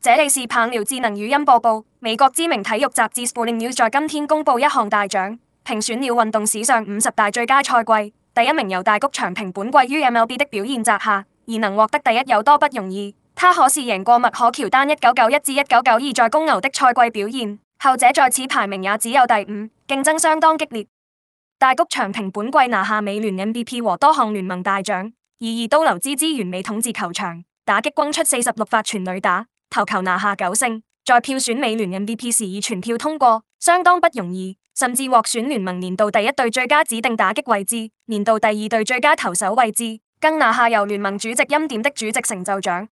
這裏是棒聊智能語音播報。美國知名體育雜誌 Sporting News 在今天公布一項大獎，評選了運動史上五十大最佳賽季。第一名由大谷翔平本季於 MLB 的表現摘下，而能獲得第一有多不容易？他可是贏過麥可喬丹一九九一至一九九二在公牛的賽季表現，後者在此排名也只有第五，競爭相當激烈。大谷翔平本季拿下美聯 MVP 和多項聯盟大獎，以二,二刀流之姿完美統治球場，打擊轟出四十六發全壘打。投球拿下九勝，在票選美聯 MVP 時以全票通過，相當不容易，甚至獲選聯盟年度第一隊最佳指定打擊位置、年度第二隊最佳投手位置，更拿下由聯盟主席欽點的主席成就獎。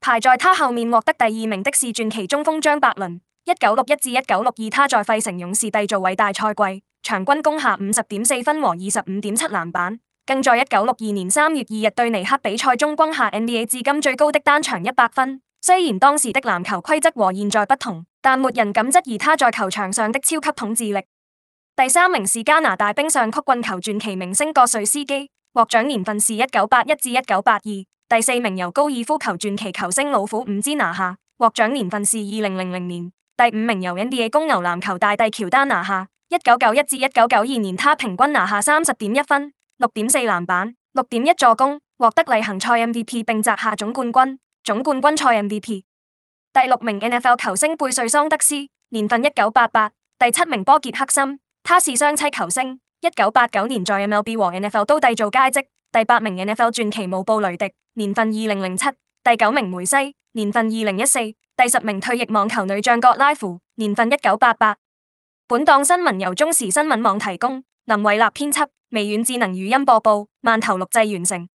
排在他後面獲得第二名的是傳奇中鋒張伯倫。一九六一至一九六二，他在費城勇士締造偉大賽季，場均攻下五十點四分和二十五點七籃板，更在一九六二年三月二日對尼克比賽中攻下 NBA 至今最高的單場一百分。雖然當時的籃球規則和現在不同，但沒人敢質疑他在球場上的超級統治力。第三名是加拿大冰上曲棍球傳奇明星葛瑞斯基，獲獎年份是一九八一至一九八二。第四名由高爾夫球傳奇球星老虎伍茲拿下，獲獎年份是二零零零年。第五名由 NBA 公牛籃球大帝喬丹拿下，一九九一至一九九二年，他平均拿下三十點一分、六點四籃板、六點一助攻，獲得例行賽 MVP，並摘下總冠軍。總冠軍賽 MVP。第六名 NFL 球星貝瑞桑德斯，年份一九八八。第七名波傑克森，他是雙棲球星，一九八九年在 MLB 和 NFL 都締造佳績。第八名 NFL 傳奇無布雷迪，年份二零零七。第九名梅西，年份二零一四。第十名退役網球女將葛拉芙，年份一九八八。本檔新聞由中時新聞網提供，林維立編輯，微軟智能語音播報，慢頭錄製完成。